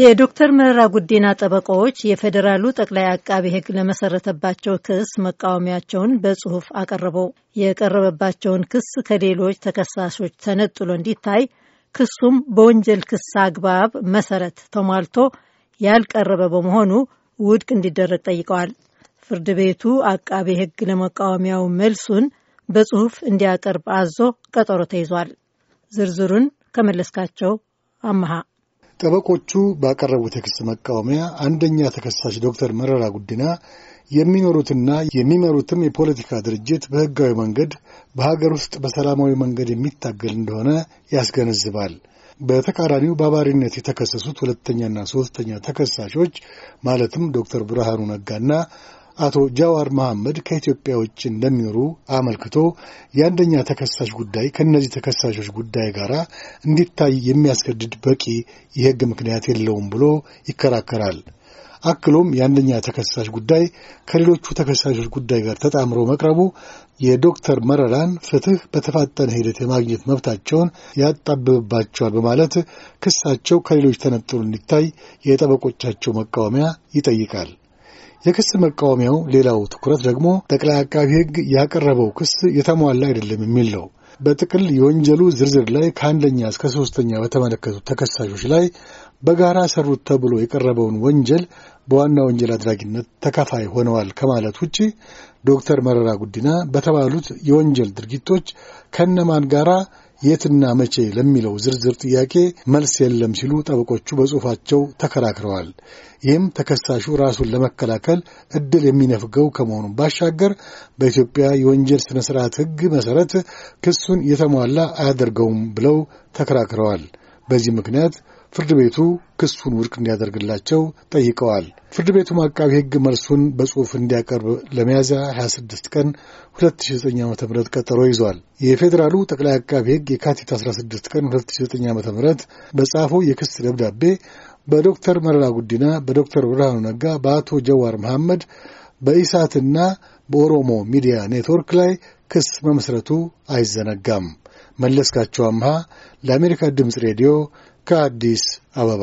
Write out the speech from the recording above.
የዶክተር መረራ ጉዲና ጠበቃዎች የፌዴራሉ ጠቅላይ አቃቢ ሕግ ለመሰረተባቸው ክስ መቃወሚያቸውን በጽሁፍ አቀረበው። የቀረበባቸውን ክስ ከሌሎች ተከሳሾች ተነጥሎ እንዲታይ ክሱም በወንጀል ክስ አግባብ መሰረት ተሟልቶ ያልቀረበ በመሆኑ ውድቅ እንዲደረግ ጠይቀዋል። ፍርድ ቤቱ አቃቤ ሕግ ለመቃወሚያው መልሱን በጽሁፍ እንዲያቀርብ አዞ ቀጠሮ ተይዟል። ዝርዝሩን ከመለስካቸው አመሃ ጠበቆቹ ባቀረቡት የክስ መቃወሚያ አንደኛ ተከሳሽ ዶክተር መረራ ጉዲና የሚኖሩትና የሚመሩትም የፖለቲካ ድርጅት በሕጋዊ መንገድ በሀገር ውስጥ በሰላማዊ መንገድ የሚታገል እንደሆነ ያስገነዝባል። በተቃራኒው በአባሪነት የተከሰሱት ሁለተኛና ሶስተኛ ተከሳሾች ማለትም ዶክተር ብርሃኑ ነጋና አቶ ጃዋር መሐመድ ከኢትዮጵያ ውጭ እንደሚኖሩ አመልክቶ የአንደኛ ተከሳሽ ጉዳይ ከእነዚህ ተከሳሾች ጉዳይ ጋር እንዲታይ የሚያስገድድ በቂ የሕግ ምክንያት የለውም ብሎ ይከራከራል። አክሎም የአንደኛ ተከሳሽ ጉዳይ ከሌሎቹ ተከሳሾች ጉዳይ ጋር ተጣምሮ መቅረቡ የዶክተር መረራን ፍትህ በተፋጠነ ሂደት የማግኘት መብታቸውን ያጣብብባቸዋል በማለት ክሳቸው ከሌሎች ተነጥሎ እንዲታይ የጠበቆቻቸው መቃወሚያ ይጠይቃል። የክስ መቃወሚያው ሌላው ትኩረት ደግሞ ጠቅላይ አቃቢ ሕግ ያቀረበው ክስ የተሟላ አይደለም የሚል ነው። በጥቅል የወንጀሉ ዝርዝር ላይ ከአንደኛ እስከ ሶስተኛ በተመለከቱ ተከሳሾች ላይ በጋራ ሰሩት ተብሎ የቀረበውን ወንጀል በዋና ወንጀል አድራጊነት ተካፋይ ሆነዋል ከማለት ውጪ ዶክተር መረራ ጉዲና በተባሉት የወንጀል ድርጊቶች ከነማን ጋራ የትና መቼ ለሚለው ዝርዝር ጥያቄ መልስ የለም ሲሉ ጠበቆቹ በጽሑፋቸው ተከራክረዋል። ይህም ተከሳሹ ራሱን ለመከላከል እድል የሚነፍገው ከመሆኑ ባሻገር በኢትዮጵያ የወንጀል ስነ ስርዓት ሕግ መሠረት ክሱን የተሟላ አያደርገውም ብለው ተከራክረዋል። በዚህ ምክንያት ፍርድ ቤቱ ክሱን ውድቅ እንዲያደርግላቸው ጠይቀዋል። ፍርድ ቤቱም አቃቢ ሕግ መልሱን በጽሑፍ እንዲያቀርብ ለሚያዝያ 26 ቀን 2009 ዓ ም ቀጠሮ ይዟል። የፌዴራሉ ጠቅላይ አቃቢ ሕግ የካቲት 16 ቀን 2009 ዓ ም በጻፈው የክስ ደብዳቤ በዶክተር መረራ ጉዲና፣ በዶክተር ብርሃኑ ነጋ፣ በአቶ ጀዋር መሐመድ፣ በኢሳትና በኦሮሞ ሚዲያ ኔትወርክ ላይ ክስ መመስረቱ አይዘነጋም። መለስካቸው አምሃ ለአሜሪካ ድምፅ ሬዲዮ ከአዲስ አበባ